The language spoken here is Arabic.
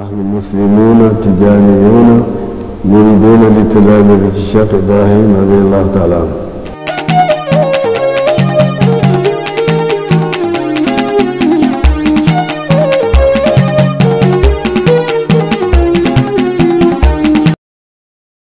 نحن مسلمون تجانيون مريدون لتلاميذ الشيخ إبراهيم رضي الله تعالى عنه